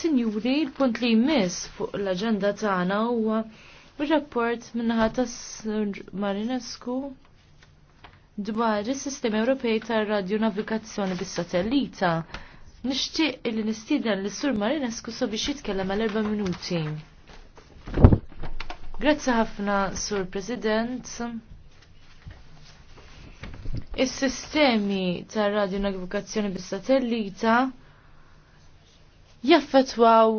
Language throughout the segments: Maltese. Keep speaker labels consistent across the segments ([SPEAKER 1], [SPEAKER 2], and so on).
[SPEAKER 1] Sinjuri, l-punt li jmiss fuq l-agenda tagħna huwa r-rapport minnaħa tas Marinescu dwar is-Sistema Ewropej tar-Radju Navigazzjoni bis-Satellita. Nixtieq li nistieden li sur Marinescu so biex jitkellem għal erba' minuti. Grazzi ħafna, Sur President. Is-sistemi tar radio navigazzjoni bis-satellita jaffetwaw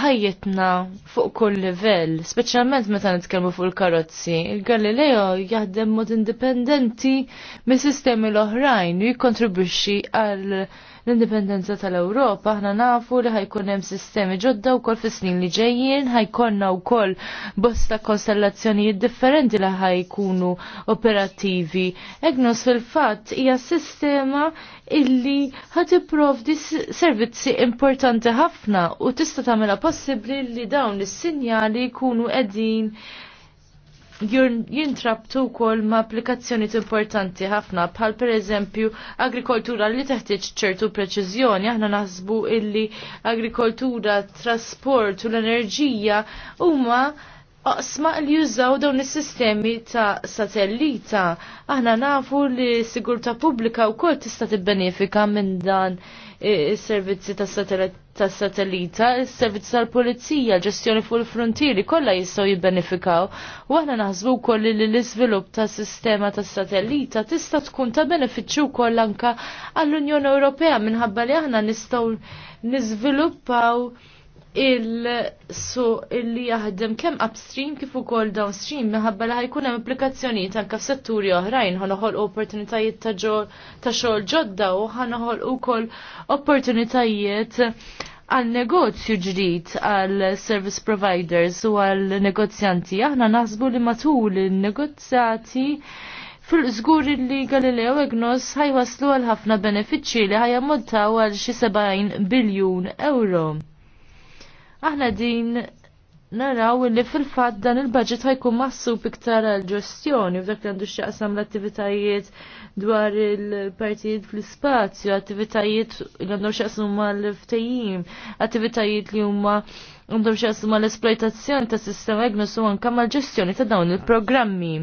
[SPEAKER 1] ħajjitna fuq kull livell, speċjalment meta nitkellmu fuq il-karozzi. Il-Galileo jaħdem mod indipendenti mis-sistemi l-oħrajn u jikkontribwixxi għal l-indipendenza tal-Ewropa, aħna nafu li ħajkun hemm sistemi ġodda wkoll fis-snin li ġejjin, ħajkonna wkoll bosta konstellazzjonijiet differenti li ħajkunu operattivi. Egnos fil-fatt hija sistema illi ħat ipprovdi servizzi importanti ħafna u tista' tagħmilha possibbli li dawn is-sinjali jkunu qegħdin jintrabtu wkoll ma' applikazzjonijiet importanti ħafna bħal pereżempju agrikoltura li teħtieġ ċertu preċiżjoni aħna naħsbu illi agrikoltura, trasport u l-enerġija huma Osma li jużaw dawn is-sistemi ta' satellita, aħna nafu li sigurta pubblika wkoll tista' tibbenefika minn dan is-servizzi tas-satellita, il servizzi tal-pulizija, ġestjoni fuq il-frontieri, kollha jistgħu jibbenefikaw. U aħna naħsbu wkoll li l-iżvilupp ta' sistema tas-satellita tista' tkun ta' benefiċċju wkoll anke għall-Unjoni Ewropea minħabba li aħna nistgħu niżviluppaw il-su illi jaħdem kemm upstream kif ukoll downstream minħabba li ħajkun hemm implikazzjonijiet anke f'setturi oħrajn ħanoħol opportunitajiet ta' ta' xogħol ġodda u ħanoħol ukoll opportunitajiet għal negozju ġdid għal service providers u għal negozjanti aħna naħsbu li matul in-negozjati fil-żgur li Galileo Egnos ħajwaslu għal ħafna benefiċċji li ħajammontaw għal xi 70 biljun euro aħna din naraw li fil-fat dan il-budget ħajkun massub iktar għal-ġestjoni u dak li għandu xaqsam l-attivitajiet dwar il-partijiet fl-spazju, attivitajiet li għandu xaqsam mal ftajim attivitajiet li huma għandhom għasma l-esploitazzjoni ta' sistema Egnus u anka mal-ġestjoni ta' dawn il-programmi.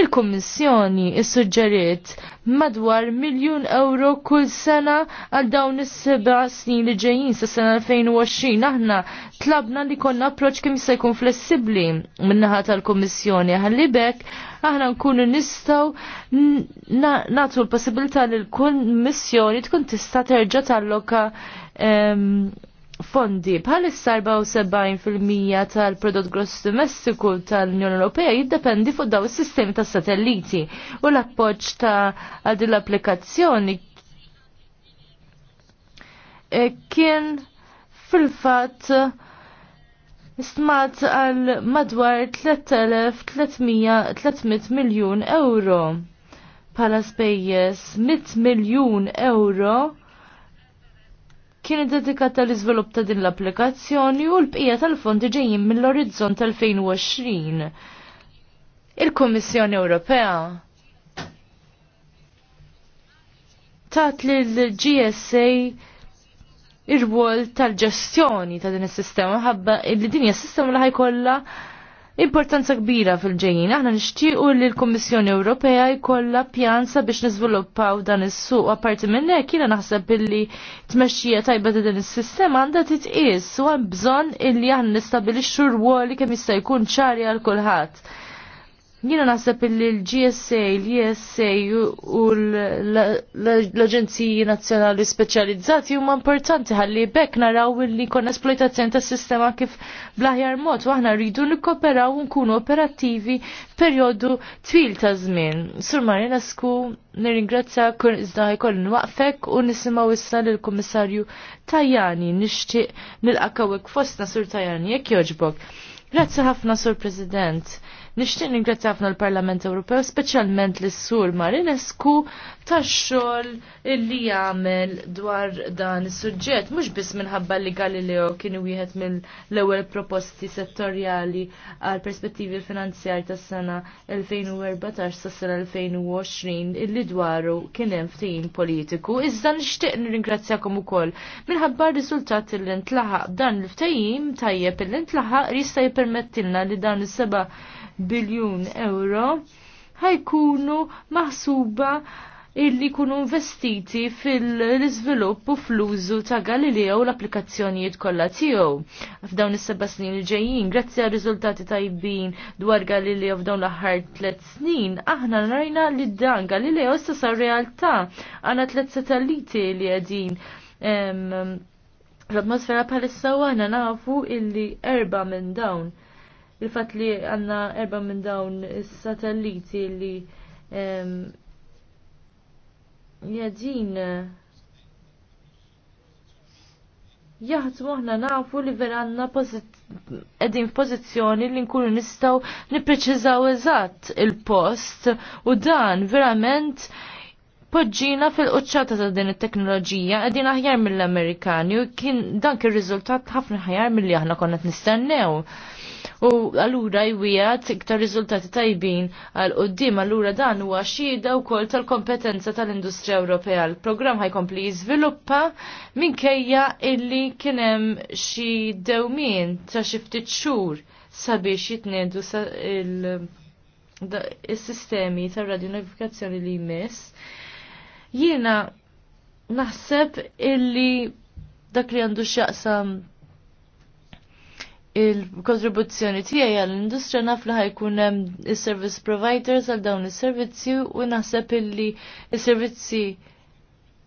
[SPEAKER 1] Il-Kummissjoni sugġeriet madwar miljun euro kull sena għal dawn is-seba' snin li ġejjin sa' sena 2020. Aħna tlabna li konna approċ kemm se jkun flessibbli minnaħa tal-Kummissjoni għallibek, bekk aħna nkunu nistaw natu l-possibilità li l-kummissjoni tkun tista' terġa' tal-loka ehm, fondi. Bħalissa 74% tal-prodott gross domestiku tal-Unjoni Ewropea jiddependi fuq daw is-sistemi tas satelliti u l-appoġġ ta' għadil l-applikazzjoni e, kien fil-fatt smat għal madwar 3300 miljun euro. Pala spejjes 100 miljun euro kienet dedikata l iżvilupp ta' din l-applikazzjoni u l-bqija tal-fondi ġejjin mill-orizzont tal-2020. Il-Kummissjoni Ewropea tat li l-GSA ir wol tal-ġestjoni ta' din is-sistema ħabba li din hija sistema li ħajkollha importanza kbira fil-ġejjin. Aħna nixtiequ li l-Kummissjoni Ewropea jkollha pjan sabiex niżviluppaw dan is-suq apparti minn hekk jiena naħseb illi tmexxija tajba ta' din is-sistema għandha titqies u hemm bżonn illi aħna nistabilixxu rwoli kemm jista' jkun ċari għal kulħadd. Jiena naħseb li l-GSA, l-ISA u l-Aġenziji Nazzjonali Speċjalizzati huma importanti ħalli bekk naraw li kon esploitazzjoni tas-sistema kif blaħjar mod u aħna rridu nikkoperaw u nkunu operattivi f'perjodu twil ta' żmien. Sur Marinescu, nirringrazzja kun iżda ħajkoll nwaqfek u nisimgħu issa lill-Kummissarju Tajani nixtieq kawek fostna Sur Tajani jekk jogħġbok. Grazzi ħafna Sur President. Nixtieq ningrazzja ħafna l-Parlament Ewropew, speċjalment lis sur Marinescu tax-xogħol illi jagħmel dwar dan is-suġġett mhux biss minħabba li Galileo kien wieħed mill-ewwel proposti settorjali għal perspettivi finanzjar tas-sena 2014 sas-sena 2020 illi dwaru kien hemm ftehim politiku. Iżda nixtieq nirringrazzjakom ukoll minħabba r-riżultat illi ntlaħaq dan l-ftehim tajjeb illi ntlaħaq jista' jippermettilna li dan is-seba' biljun euro ħajkunu maħsuba illi kunu investiti fil-izvilupp u fl-użu ta' Galileo u l-applikazzjonijiet kollha tiegħu. F'dawn is-seba' snin li ġejjin, grazzi għal riżultati tajbin dwar Galileo f'dawn l-aħħar tliet snin, aħna rajna li dan Galileo issa sar realtà għandna tliet satelliti li qegħdin l-atmosfera bħalissa u għana nafu illi erba minn dawn il-fat li għanna erba minn dawn satelliti li jadin jaħdmu aħna nafu li vera għanna f f'pożizzjoni li nkunu nistaw nipreċizaw eżatt il-post u dan verament poġġina fil-qċata ta' din it-teknoloġija għedin aħjar mill-Amerikani u kien dan kir riżultat ħafna ħajar mill-li aħna konna nistennew. nistennew u allura jwijat iktar riżultati tajbin għal qoddim allura dan huwa u wkoll tal-kompetenza tal-Industrija Ewropea. L-programm ħajkompli jiżviluppa minkejja illi kien hemm xi dewmien ta' xi ftit xhur sabiex jitnedu il sistemi ta' radionifikazzjoni li jmiss. Jiena naħseb illi dak li għandu xaqsam il-kontribuzzjoni tiegħi għall-industrija naf li ħajkun hemm is-service providers għal dawn is-servizzi u naħseb illi is-servizzi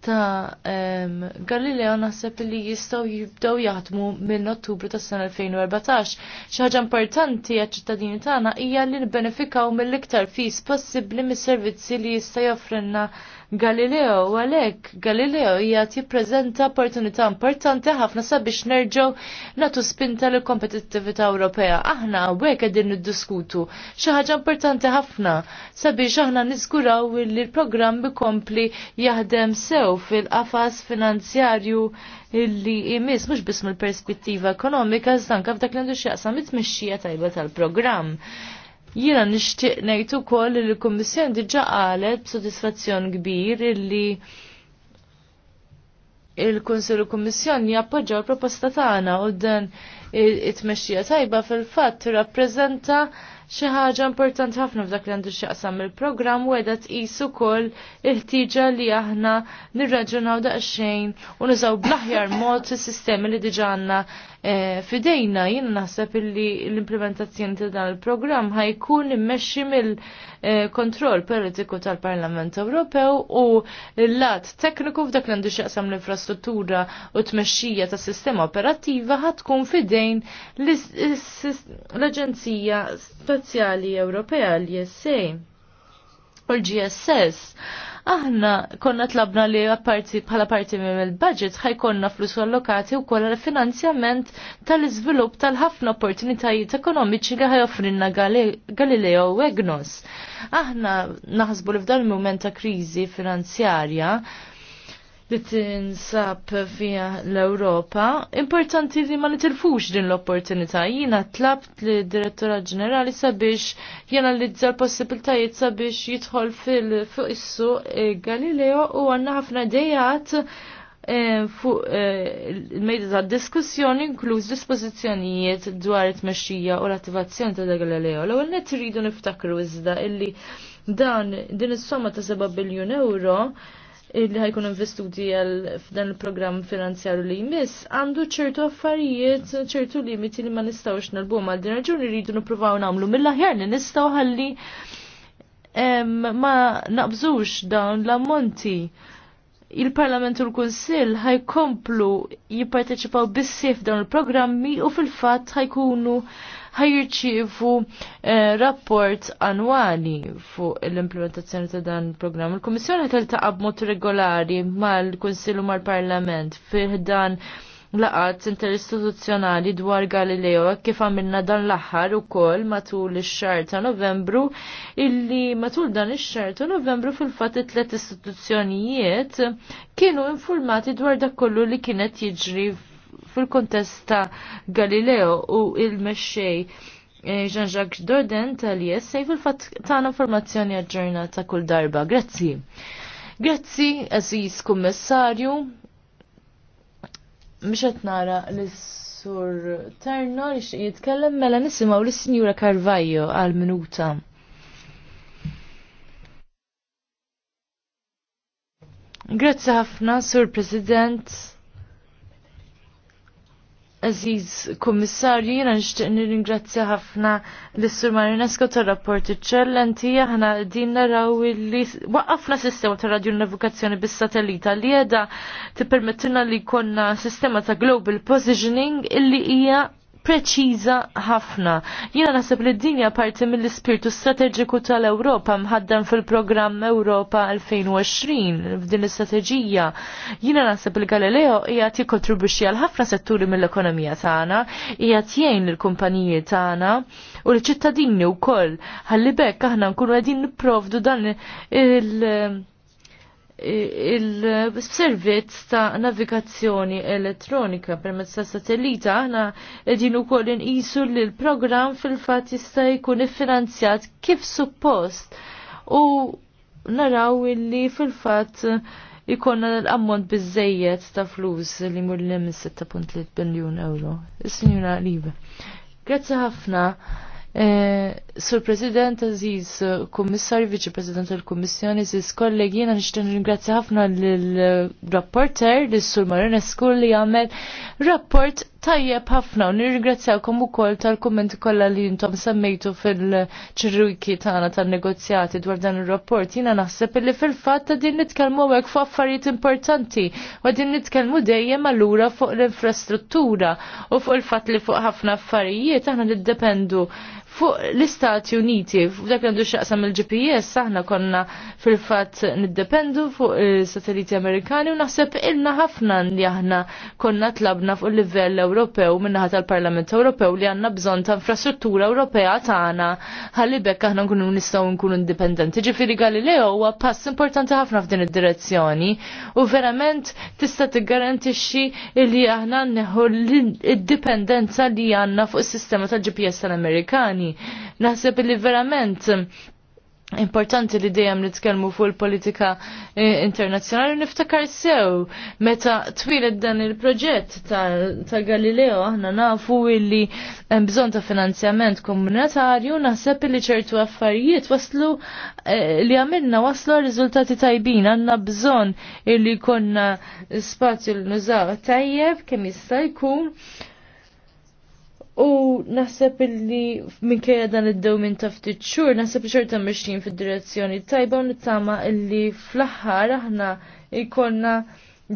[SPEAKER 1] ta' um, Galileo naħseb li jistaw jibdew jaħdmu minn Ottubru tas sena 2014. Xi ħaġa importanti għaċ-ċittadini tagħna hija li nibbenefikaw mill-iktar fis possibbli mis-servizzi li jista' joffrenna. Galileo, għalek, Galileo jgħat jipprezenta opportunità importanti ħafna sabiex nerġaw natu spinta l kompetittività Ewropea. Aħna għek għedin diskutu xaħġa importanti ħafna sabiex aħna niskuraw li l-programm bikompli jaħdem sew fil-qafas finanzjarju illi imis mux bismu l perspettiva ekonomika, zanka f'dak l-industri għasam it tajba tal-programm. Jiena nixtieq ngħid ukoll li l-Kummissjoni diġà qalet b'sodisfazzjon kbir illi il-Kunsill u Kummissjoni jappoġġaw l proposta tagħna u dan it-tmexxija tajba fil-fatt tirrappreżenta xi ħaġa importanti ħafna f'dak li għandu x'jaqsam il-programm u tqis ukoll il-ħtieġa li aħna nirraġunaw daqsxejn u nużaw bl-aħjar mod is-sistemi li diġà għandna Eh, fidejna jien naħseb illi l-implementazzjoni ta' dan il-programm ħajkun immexxi mill-kontroll eh, politiku tal-Parlament Ewropew u l-lat tekniku f'dak li għandu xaqsam l-infrastruttura u tmexxija ta' sistema operattiva ħatkun fidejn l-Aġenzija Spazjali Ewropea l-GSA u l-GSS aħna konna tlabna li apparti bħala parti minn il-budget ħajkonna flus allokati u kolla finanzjament tal izvilup tal-ħafna opportunitajiet ekonomiċi li ħajoffrinna Galileo u Egnos. Aħna naħsbu li f'dan il-moment ta' kriżi finanzjarja li tinsab fija l-Europa, importanti li ma nitilfux din l-opportunità. Jina tlabt li direttora ġenerali sabiex jena li l-possibiltajiet sabiex jitħol fil-fuq issu eh, Galileo u għanna ħafna dejat eh, fuq eh, il-mejda ta' diskussjoni inkluż dispożizzjonijiet dwar it-mexxija u l-attivazzjoni ta' Galileo. L-ewwel net rridu niftakru iżda illi dan din is-somma ta' 7 biljun euro li ħajkun investuti għal f'dan il-programm finanzjarju li jmiss għandu ċertu affarijiet, ċertu limiti li ma nistawx nalbu ma din raġuni rridu nippruvaw nagħmlu mill-aħjar li nistgħu ħalli ma naqbżux dawn l-ammonti il-Parlament u l-Kunsill ħajkomplu jipparteċipaw bissif dawn il-programmi u fil-fatt ħajkunu ħajirċivu eh, rapport annwali fuq l-implementazzjoni ta' dan il-programm. Il-Kummissjoni taqab b'mod regolari mal-Kunsill u mal-Parlament fih dan laqat interistituzzjonali dwar Galileo kif għamilna dan l-aħħar ukoll matul ix-xahar ta' Novembru illi matul dan ix-xahar ta' Novembru fil-fatt tliet istituzzjonijiet kienu informati dwar dak kollu li kienet jiġri fil-kontest ta' Galileo u il-mexxej eh, Jean-Jacques Dordan tal sejf fil-fat tagħna informazzjoni aġġornata kull darba. Grazzi. Grazzi, Aziz Kummissarju. Mxet qed nara l-Sur Terno li jitkellem mela nisimgħu lis-Sinjura Carvajo għal minuta. Grazzi ħafna, Sur President. Aziz Kummissarju, jina nishtiq nir-ingrazzja ħafna l-Sur Marinesco tal-rapport iċċellenti, ħana din naraw li waqqafna sistema ta' radio navigazzjoni bis-satellita li jeda permettina li konna sistema ta' global positioning illi hija preċiża ħafna. Jiena naħseb li d-dinja parti mill-ispirtu strateġiku tal-Ewropa mħaddan fil-programm Ewropa 2020 f'din l-istrateġija. Jiena naħseb li Galileo hija tikkontribwixxi għal ħafna setturi mill-ekonomija tagħna, hija jgħin lill-kumpaniji tagħna u l-ċittadini wkoll ħalli bekk aħna nkunu qegħdin nipprovdu dan il- il-servizz ta' navigazzjoni elettronika permezz ta' satellita aħna qegħdin ukoll inqisu li l-programm fil-fatt jista' jkun iffinanzjat kif suppost u naraw illi fil-fatt ikonna l-ammont bizzejiet ta' flus li mur l 6.3 biljun euro. is sinjuna Libe. Grazzi ħafna. Eh, Sur President, Aziz, eh, Kommissar, Viċi President tal-Kommissjoni, Aziz kollegi, jena nishtan ringrazzi ħafna l-rapporter, l-Sur Marinescu li għamel rapport tajjeb ħafna u nirringrazzjawkom ukoll tal-kummenti kollha li jintom semmejtu fil-ċirriki tagħna tan-negozjati dwar dan ir-rapport. Jiena naħseb li fil-fatt ta' din nitkellmu hekk fuq affarijiet importanti u din nitkellmu dejjem allura fuq l-infrastruttura u fuq il-fatt li fuq ħafna affarijiet aħna niddependu Fuq l-Istati Uniti, f'dak li għandu xaqsam il-GPS, aħna konna fil-fat niddependu fuq il-satelliti Amerikani u naħseb ilna ħafna li aħna konna tlabna fuq il-livell Ewropew minnaħat tal-Parlament Ewropew li għanna bżon ta' infrastruttura Ewropea tagħna ħalli bekk aħna nkunu nistgħu nkunu indipendenti. Ġifieri Galileo huwa pass importanti ħafna f'din id-direzzjoni u verament tista' tiggarantixxi li aħna neħu l-indipendenza li għandna fuq is-sistema tal-GPS tal-Amerikani ewlieni. Naħseb li verament importanti li dejjem nitkellmu fuq il-politika eh, internazzjonali niftakar sew meta twilet dan il-proġett ta' Galileo aħna nafu illi hemm bżonn ta' finanzjament komunitarju naħseb li ċertu affarijiet waslu eh, li għamilna waslu riżultati tajbin għandna bżonn illi konna spazju l-nużaw tajjeb kemm jista' jkun U naħseb illi minkejja dan id-dewmin ta' ftit xhur, naħseb li xorta mxin fil direzzjoni tajba u nittama illi fl-aħħar aħna jkollna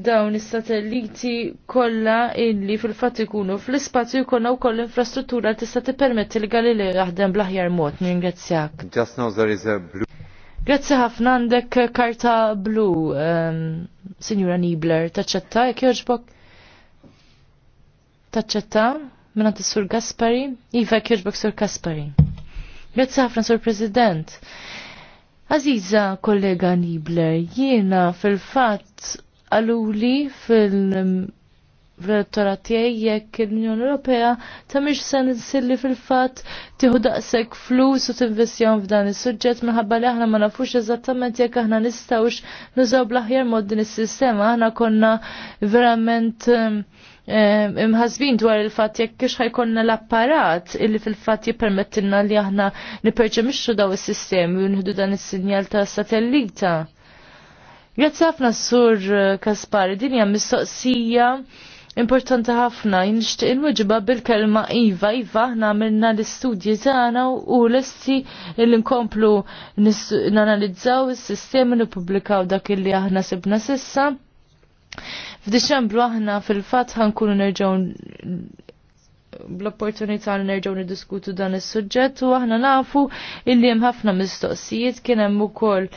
[SPEAKER 1] dawn is-satelliti kollha illi fil-fatt ikunu fl-ispazju jkollna wkoll infrastruttura li tista' tippermetti li Galileo jaħdem bl-aħjar mod. Ningrazzjak. Just now there is a Grazzi ħafna għandek karta blu, um, Signora Nibler, taċċetta, jek joġbok? Taċċetta? minna iva, sur Gaspari, Iva Kirchberg sur Gaspari. Grazie ħafna sur President. Aziza kollega Nibler, jiena fil-fat għaluli fil- fil-elettorat tiegħi jekk l-Unjoni Ewropea ta' mhix se nsilli fil-fatt tieħu daqshekk flus u tinvestjahom f'dan is-suġġett minħabba li aħna ma nafux eżattament jekk aħna nistgħux nużaw bl-aħjar mod din is-sistema. Aħna konna verament ehm, imħazbin dwar il-fat jekk kiex ħajkonna l-apparat illi fil-fat jippermettilna li aħna niperġemixxu daw is-sistemi u nħidu dan is-sinjal ta' satellita. Grazzi ħafna sur Kaspari, din hija mistoqsija importanti ħafna jinxtieq inwiġba bil-kelma iva iva aħna għamilna l-istudji tagħna u lesti li nkomplu nanalizzaw is-sistemi nippubblikaw dak illi aħna sibna sissa. F'Diċembru aħna fil-fatt ħankunu nerġgħu bl-opportunità li nerġgħu niddiskutu dan is-suġġett u aħna nafu illi hemm ħafna mistoqsijiet kien hemm ukoll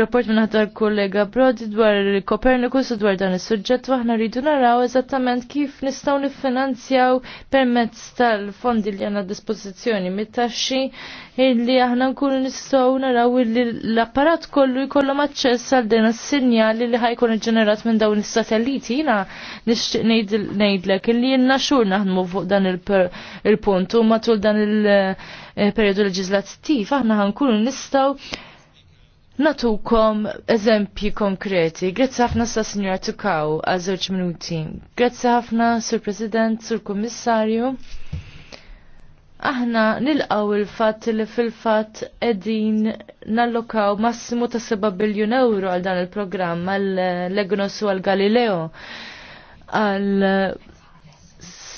[SPEAKER 1] rapport minn ħadar kollega Brodi dwar Kopernikus u dwar dan is-suġġett waħna rridu naraw eżattament kif nistgħu niffinanzjaw permezz tal-fondi li għandna dispożizzjoni mit-taxxi illi aħna nkunu nistgħu naraw li l-apparat kollu jkollhom aċċess għal din is-sinjali li ħajkun iġġenerat minn dawn is-satelliti. Jiena nixtieq ngħidlek illi jiena xhur naħdmu fuq dan il-punt u matul dan il-perjodu eh, leġislattiv aħna ħankunu nistgħu natukom eżempji konkreti. Grazzi ħafna sa' Signora Tukaw għal żewġ minuti. Grazzi ħafna Sur President, Sur Kummissarju. Aħna nilqaw il-fatt li fil-fatt edin nallokaw massimu ta' 7 biljun euro għal dan il-programm għal legnosu għal Galileo għal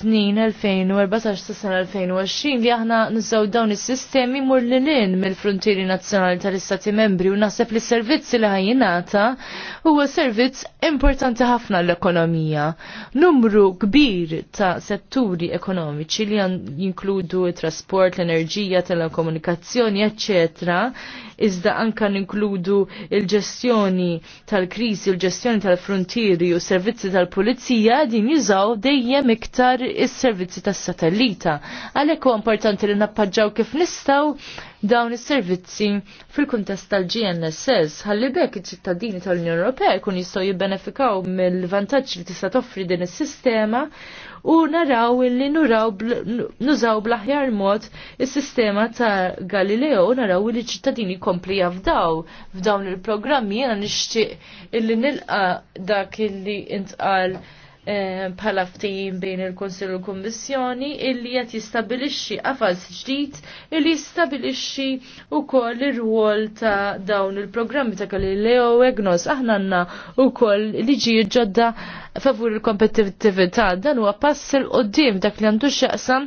[SPEAKER 1] snin 2014 sa sena 2020 li aħna nżaw dawn is-sistemi mur li lin mill-frontieri nazzjonali tal-Istati membri u naħseb li servizzi li ħajjinata huwa servizz importanti ħafna l-ekonomija. Numru kbir ta' setturi ekonomiċi li jinkludu il trasport l-enerġija, telekomunikazzjoni, eccetera, iżda anka ninkludu il-ġestjoni tal-kriżi, il-ġestjoni tal-frontieri u servizzi tal-pulizija din jużaw dejjem iktar is-servizzi tas-satellita. Għalhekk huwa importanti li nappaġġaw kif nistgħu dawn is-servizzi fil-kuntest tal-GNSS ħalli bek iċ-ċittadini tal-Unjoni Ewropea jkun jistgħu jibbenefikaw mill-vantaġġ li tista' toffri din is-sistema u naraw illi nuraw nużaw bl-aħjar mod is-sistema ta' Galileo u naraw illi ċittadini kompli jafdaw f'dawn il-programmi għan nixtieq illi nilqa dak illi intqal Eh, bħala ftehim bejn il-Konsil u l kommissjoni illi qed jistabilixxi qafas ġdid illi jistabilixxi wkoll ir-rwol ta' dawn il-programmi ta' Galileo Egnos aħna għandna wkoll liġi ġodda favur il-kompetittività dan huwa pass il dak li għandu x'jaqsam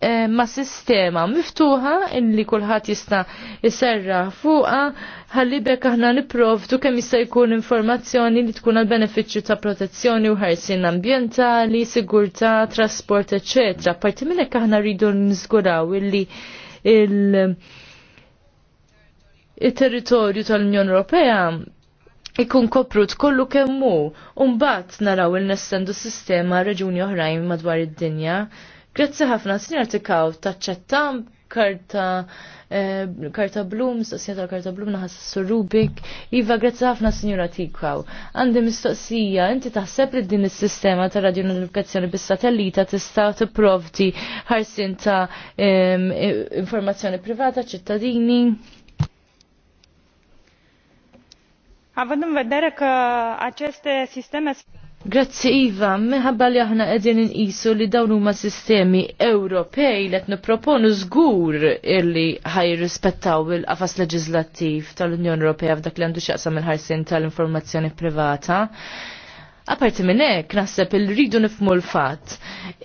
[SPEAKER 1] Eh, ma sistema miftuħa illi kulħadd jista' jserra fuqha ħalli bekk aħna nipprovdu kemm jista' jkun informazzjoni li tkun għal benefiċċju ta' protezzjoni u ħarsien ambjentali, sigurtà, trasport, eċċetera. Parti minn hekk aħna rridu niżguraw illi il- il-territorju tal-Unjoni Ewropea ikun koprut kollu kemmu, un bat naraw il-nestendu sistema reġuni oħrajn madwar id-dinja. Grazzi ħafna sinjar tikaw taċċettam karta eh, karta blum, mistoqsija tal-karta blum naħas s-Sur Rubik. Iva, grazzi ħafna sinjura tikaw. Għandi mistoqsija, inti taħseb li din is-sistema ta' radjonodifikazzjoni bis-satellita tista' tipprovdi ħarsin ta' informazzjoni privata ċittadini? Għavadum vedere ka aċeste sisteme Grazzi Iva, minħabba li aħna qegħdin inqisu li dawn huma sistemi Ewropej li qed proponu żgur illi ħajrispettaw il-qafas leġislattiv tal-Unjoni Ewropea f'dak li għandu x'jaqsam il-ħarsien tal-informazzjoni privata. Aparti minn hekk naħseb il-ridu nifmu l-fatt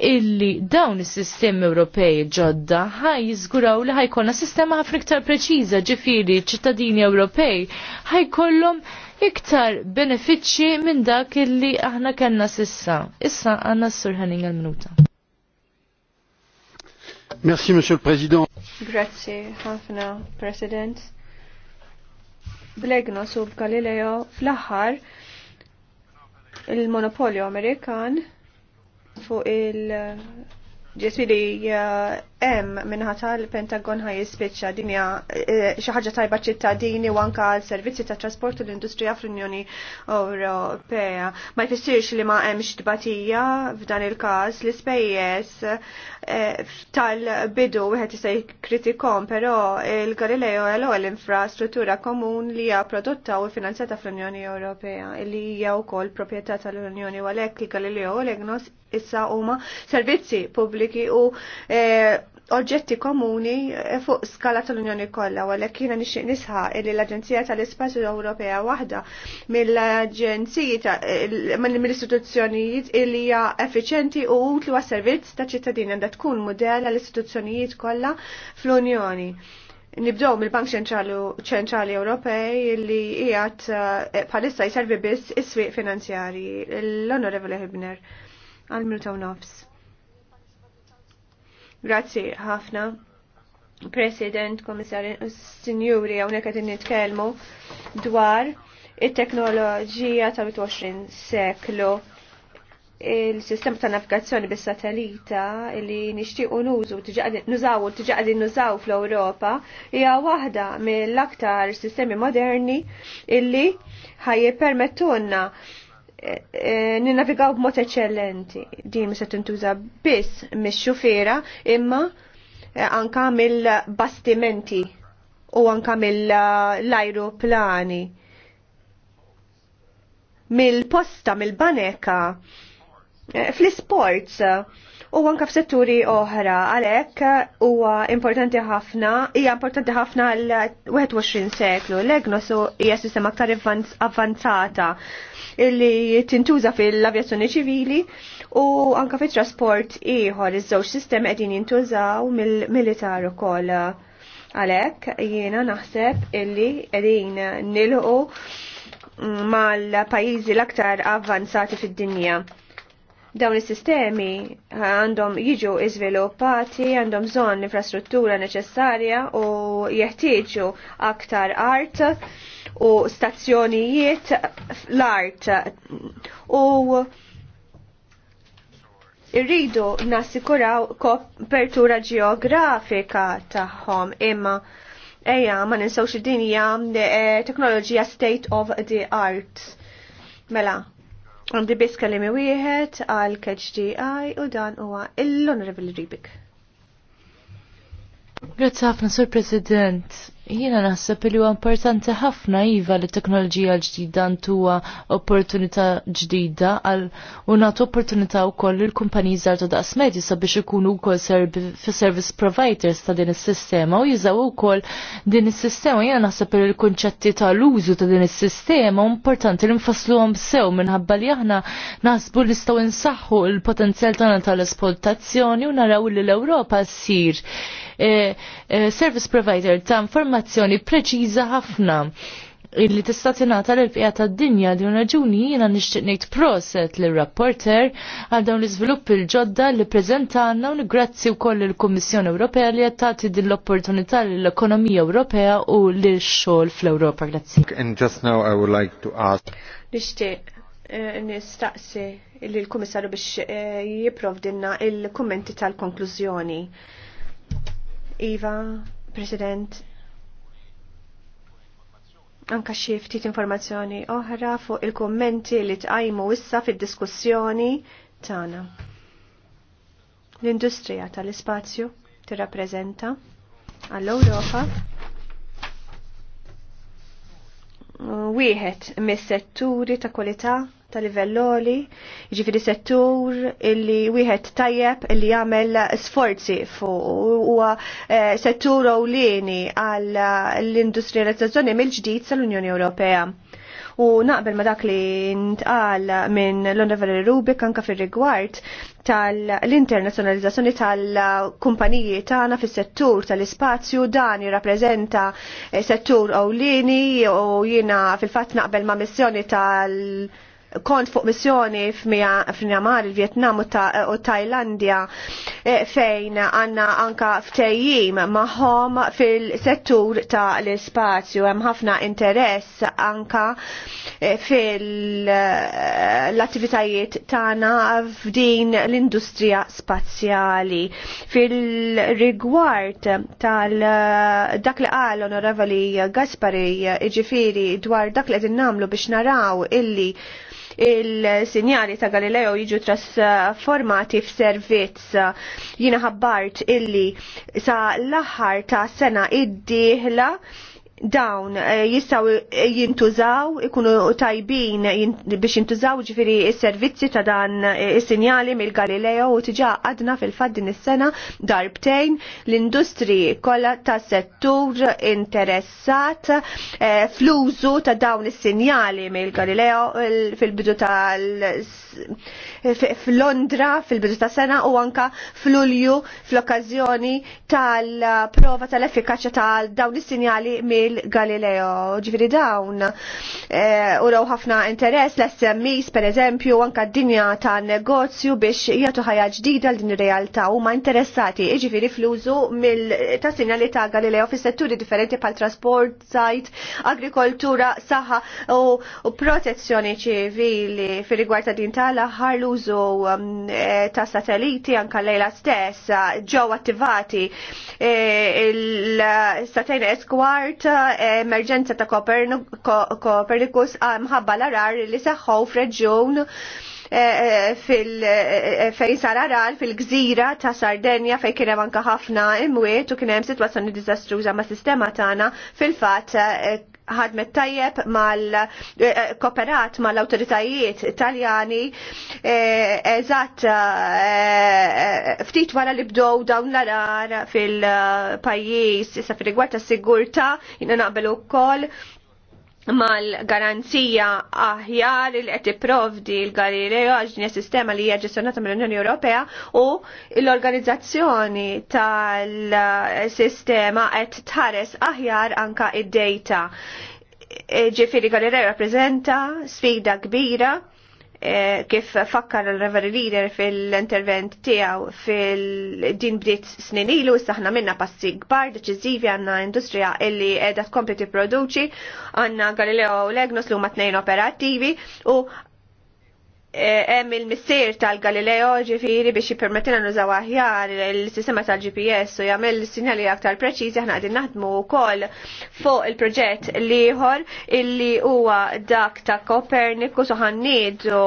[SPEAKER 1] illi dawn is-sistemi Ewropej ġodda ħaj jiżguraw li ħajkolna sistema ħafna iktar preċiża ġifieri ċittadini Ewropej ħajkollhom iktar benefiċċji minn dak illi aħna kellna sissa. Issa għandna s-Sur għal-minuta.
[SPEAKER 2] Merci, Monsieur le Président. Grazie, ħafna, President. Blegna sub Galileo fl-aħħar il-monopolju Amerikan fuq il-ġeswi hemm minħata l-Pentagon ħaj jispiċċa dinja eh, eh, xi ħaġa tajba ċittadini u anke għal servizzi ta' trasport u l-industrija fl-Unjoni Ewropea. Ma jfissirx li ma hemmx tbatija f'dan il-każ l ispejjeż eh, tal-bidu wieħed jista' kritikom, però il-Galileo għal l-infrastruttura komun li hija prodotta u finanzjata fl-Unjoni Ewropea li hija wkoll proprjetà tal-Unjoni u għalhekk il-Galileo u l-Egnos issa huma servizzi pubbliki u oġġetti komuni eh, fuq skala tal-Unjoni kollha, għalhekk jiena nixtieq nisħa li l-Aġenzija tal-Ispazju Ewropea waħda mill-aġenziji eh, mill-istituzzjonijiet li hija effiċjenti u utli għas servizz ta' ċittadini għandha tkun mudell għall-istituzzjonijiet kollha fl-Unjoni. Nibdow mill-Bank ċentrali Ewropej li hija eh, bħalissa jservi biss is-swieq finanzjarji. L-Onorevole Hibner għal-Milton Office. Grazzi ħafna. President, komissar, Sinjuri, għawne għedin nitkelmu dwar il-teknoloġija tal-20 seklu il-sistema ta' navigazzjoni bis-satellita li nixtiequ nużu nużaw u tiġaqdi nużaw fl-Ewropa hija waħda mill-aktar sistemi moderni illi ħaj permettuna Eh, ninnavigaw b'mod eċċellenti. Din se tintuża biss mix-xufiera imma eh, anka mill-bastimenti u anka mill-ajruplani. Mill-posta, mill-baneka, eh, fl-sports, u anka f'setturi oħra għalhekk huwa importanti ħafna hija importanti ħafna għal 21 seklu. L-EGNOS hija sistema aktar avvanzata illi tintuża fil-avjazzjoni ċivili u anka fit-trasport ieħor iż-żewġ sistemi qegħdin jintużaw mill-militar ukoll. Għalhekk jiena naħseb illi qegħdin nilħu mm, mal-pajjiżi l-aktar avvanzati fid-dinja. Dawn is-sistemi eh, għandhom jiġu iżviluppati, għandhom bżonn l-infrastruttura neċessarja u jeħtieġu aktar art u stazzjonijiet l-art u irridu nassikuraw kopertura ġeografika tagħhom imma ejja ma ninsawx id-dinja eh, teknoloġija state of the art. Mela, Għandi bis kalimi wieħed għal KHDI u dan huwa l-Honorable Ribik.
[SPEAKER 1] Grazie ħafna, Sir President. Jiena naħseb li huwa importanti ħafna iva li t teknoloġija l-ġdida ntuwa opportunità ġdida għal u nagħtu opportunità wkoll il kumpaniji żgħar ta' daqs medju sabiex ikunu wkoll fi service providers ta' din is-sistema u jużaw ukoll din is-sistema. Jiena naħseb li l-kunċetti tal-użu ta' din is-sistema importanti li nfassluhom sew minħabba li aħna naħsbu li nistgħu nsaħħu l-potenzjal tagħna tal-esportazzjoni u naraw li l-Ewropa ssir eh, eh, service provider ta' informazzjoni azzjoni preċiża ħafna illi tista' tingħata l bqija tad-dinja li raġuni jiena nixtieq ngħid proset l rapporter għal dawn l izvilupp il-ġodda li grazzi u nigrazzi wkoll il-Kummissjoni Ewropea li qed tagħti din l-opportunità lill-ekonomija Ewropea u l xogħol fl-Ewropa. Grazzi. And just now I would like to ask.
[SPEAKER 2] Nixtieq eh, nistaqsi lill-Kummissarju biex eh, jipprovdinna il-kummenti tal-konklużjoni. Iva, President, anka xi ftit informazzjoni oħra fuq il-kommenti li tqajmu issa fid-diskussjoni tagħna. L-industrija tal-ispazju tirrappreżenta għall-Ewropa wieħed mis-setturi ta' kwalità ta' livelloli, ġifiri settur illi wieħed tajjeb illi jagħmel sforzi fuq huwa eh, settur ewlieni għal l-industrializzazzjoni mill-ġdid sal-Unjoni Ewropea. U naqbel ma dak li ntqal minn l-Onorevoli Rubik anka fir-rigward tal-internazzjonalizzazzjoni tal-kumpaniji tagħna fis-settur tal-ispazju dan jirrappreżenta eh, settur ewlieni u jiena fil-fatt naqbel ma' missjoni tal- kont fuq missjoni f'Myanmar, il-Vietnam u Tajlandja eh, fejn għanna anka ftejjim maħom fil-settur ta' l-spazju. Hemm ħafna interess anka eh, fil-attivitajiet tagħna f'din l-industrija spazjali. Fil-rigward tal-dak li qal Onorevoli Gaspari, ġifiri dwar dak li qegħdin nagħmlu biex naraw illi il-sinjali ta' Galileo jiġu trasformati f'servizz. Jina ħabbart illi sa l-aħħar ta' sena id-dieħla dawn eh, jistaw eh, jintużaw, ikunu tajbin biex jintużaw ġifiri il-servizzi ta' dan il-sinjali eh, mill galileo u tġa għadna fil faddin din is-sena darbtejn l-industri kollha ta' settur interessat fl-użu ta' dawn is-sinjali mill galileo fil-bidu tal fil-Londra fil-bidu ta' sena u anka fl-Ulju fl-okkażjoni tal-prova tal-effikaċja tal dawn is-sinjali mill Galileo, ġifiri dawn. Eh, u raw ħafna interess l-SMIs, per eżempju, anka d-dinja ta' negozju biex jgħatu ħajja ġdida l-din realtà u ma' interessati, ġifiri fl-użu ta' sinjali ta' Galileo fi setturi differenti pal trasport, sajt, agrikoltura, saħħa u protezzjoni ċivili fi rigward ta' din tal-aħħar l-użu um, eh, ta' satelliti anka lejla stess ġew attivati eh, il-satajna esquart emerġenza ta' Copernicus ah, mħabba l-arar li seħħu f'reġjun eh, eh, eh, fejn sar aral fil-gżira ta' Sardenja fejn kien hemm anke ħafna imwiet u kien hemm sitwazzjoni diżastruża ma' sistema tagħna fil-fatt ħadmet tajjeb mal-koperat eh, eh, mal-autoritajiet italjani eh, eżatt ftit wara li bdow dawn l-arar fil-pajjiż issa fil-rigward tas-sigurtà jiena naqbel ukoll mal-garanzija aħjar il qed tipprovdi l-Galileo għax sistema li hija ġestjonata mill-Unjoni Ewropea u l-organizzazzjoni tal-sistema qed tħares aħjar anka id-data. Ġifieri Galileo rappreżenta sfida kbira Eh, kif fakkar il-Rever Leader fil-intervent tijaw fil-din bdiet snin ilu, saħna minna passi gbar, deċizivi għanna industrija illi edha tkompli produċi, għanna Galileo Legnos l-huma tnejn operattivi u hemm il-missier tal-Galileo ġifiri biex jippermettina nużaw aħjar il-sistema tal-GPS u jagħmel sinjali aktar preċiżi aħna qegħdin naħdmu wkoll fuq il-proġett liħor illi huwa dak ta' Copernicus u ħannidu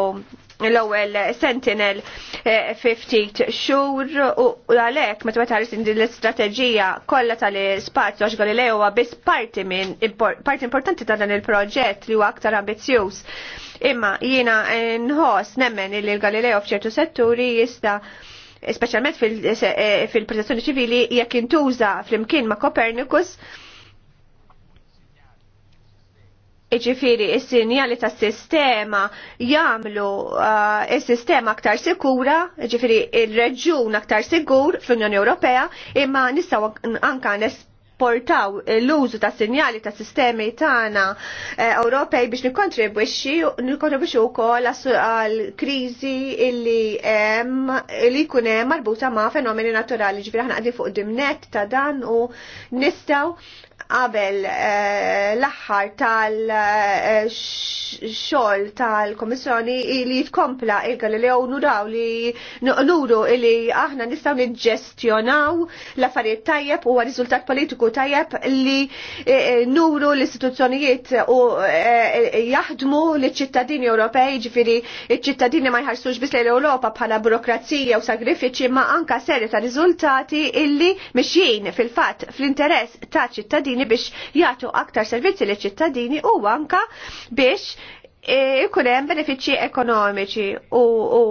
[SPEAKER 2] l-ewwel Sentinel 50 eh, xhur u għalhekk meta meta din l-istrateġija kollha tal-ispazju għax Galileo huwa biss parti minn parti importanti ta' dan il-proġett li huwa aktar ambizzjuż Imma jiena eh, nħoss nemmen li l-Galileo f'ċertu setturi jista' speċjalment eh, fil-protezzjoni ċivili jekk intuża flimkien ma' Copernicus iġifiri il-sinjali ta' sistema jamlu eh, il-sistema aktar sikura, iġifiri il-reġun aktar sigur fl-Unjoni Ewropea, imma nistaw anka nes portaw l-użu ta' sinjali ta' sistemi tagħna eh, Ewropej biex nikkontribwixxi wkoll għal kriżi illi hemm li jkun hemm marbuta ma' fenomeni naturali. Ġifieri aħna qegħdin fuq dimnet ta' dan u nistgħu qabel eh, l-aħħar tal-xogħol eh, tal-Komissjoni li tkompla il-Galileo nuraw li nuqnuru li aħna nistgħu niġġestjonaw l-affarijiet tajjeb u huwa riżultat politiku politiku tajjeb li e, e, nuru l-istituzzjonijiet u e, jaħdmu l-ċittadini Ewropej, ġifiri ċittadini ma jħarsux bis l-Europa bħala burokrazija u sagrifiċi ma anka serja ta' riżultati illi mxin fil-fat fl-interess ta' ċittadini biex jagħtu aktar servizzi li ċittadini u anka biex ikun hemm benefiċċji ekonomiċi u, u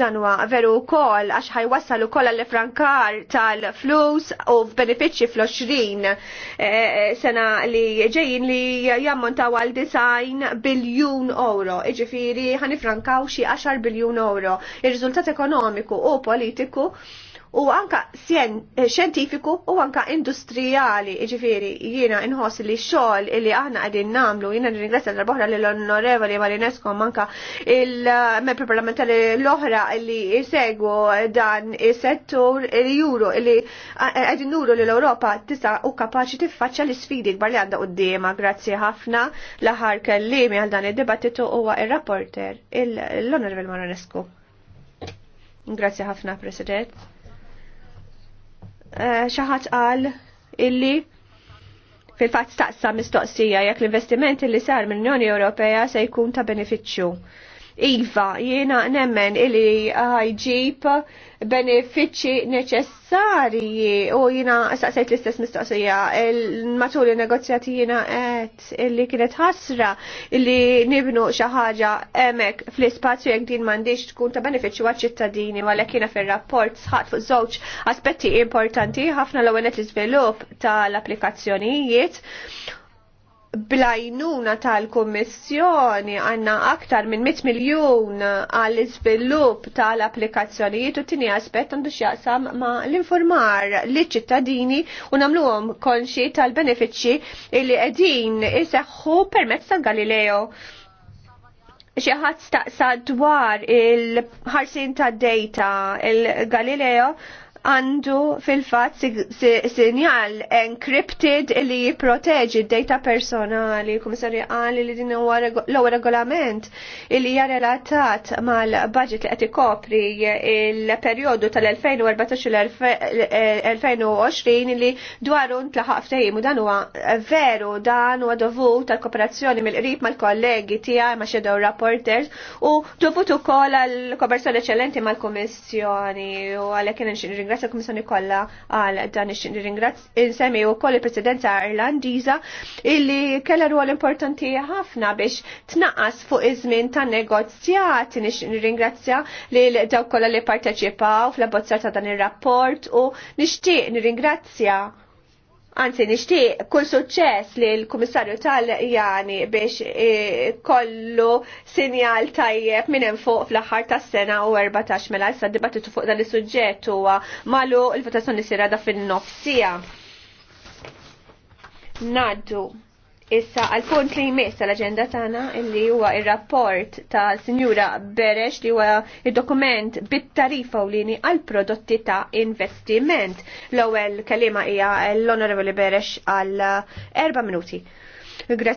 [SPEAKER 2] dan huwa veru wkoll għax ħajwassal ukoll għalli frankar tal-flus u f'benefiċċji fl-20 eh, eh, sena li ġejjin li jammontaw għal design biljun euro. ħani frankaw xi 10 biljun euro. il riżultat ekonomiku u politiku u anka eh, xjentifiku u anka industrijali, ġifiri, jiena inħos li xogħol illi aħna qegħdin nagħmlu, jiena nirringrazzja darbohra lill onorevoli Marinesko manka il mepri parlamentari l-oħra li jisegu dan is-settur li juru li eh, qegħdin nuru li l-Ewropa tista' u kapaċi tiffaċċja l-isfidi kbar li għandha qudiema. Grazzi ħafna l-aħħar kellimi għal dan id debattitu huwa ir-rapporter l-Onorevoli Marinesco. Grazzi ħafna, President. Eh, xaħat qal illi fil-fatt staqsa mistoqsija jekk l-investimenti li sar mill-Unjoni Ewropea se jkun ta' benefiċċju. Iva, jiena nemmen illi ħajġib benefiċċji neċessarji u jiena saqsajt l-istess mistoqsija matul il-negozjati jiena għet illi kienet ħasra illi nibnu xi ħaġa fl-ispazju jekk din m'għandix tkun ta' benefiċċju għaċ-ċittadini għalek jiena fir-rapport sħat fuq żewġ aspetti importanti ħafna l-ewwel l ta' tal-applikazzjonijiet blajnuna tal-Kommissjoni għanna aktar minn 100 miljon għall iżvilupp tal-applikazzjonijiet u tini aspett għandu xjaqsam ma l-informar li ċittadini u namluhom konxi tal-benefiċċji li qegħdin iseħħu permezz ta' Galileo. Xi ħadd staqsa dwar il-ħarsin tad-data il-Galileo il ħarsin tad data il galileo il data il galileo għandu fil-fat sinjal encrypted li jiproteġi d-data personali, komissarju għali li din huwa l-ewwel regolament li hija relatat mal-budget li qed kopri il-perjodu tal-2014-2020 eh, li dwaru ntlaħaq ftehim u dan huwa veru dan huwa dovut tal-kooperazzjoni mill-qrib mal-kollegi tiegħi ma' Shadow rapporters u dovut ukoll għall kooperazzjoni eċellenti mal-Kummissjoni u għalhekk kien ringrazzja l-Kummissjoni kollha għal dan ix-ringrazz insemmi wkoll il-Presidenza Irlandiża illi kellha rwol importanti ħafna biex tnaqqas fuq iż-żmien tan-negozjat nirringrazzja lil dawk kollha li parteċipaw fl abbozzata ta' dan ir-rapport u nixtieq nirringrazzja Anzi, nishtiq kull suċċess li l-Kummissarju tal-Jani biex e, kollu sinjal tajjeb minn hemm fuq fl-aħħar tas-sena u 14 mela jissa dibattitu fuq dan is-suġġett huwa malu l-votazzjoni sirada fin-nofsija. Naddu. Issa għal punt li jmiss tal-aġenda tagħna illi huwa ir-rapport tal-Sinjura Berex li huwa id-dokument bit-tarifa u lini għal prodotti ta' investiment. L-ewwel kelima hija l-Onorevoli Berex għal erba' minuti.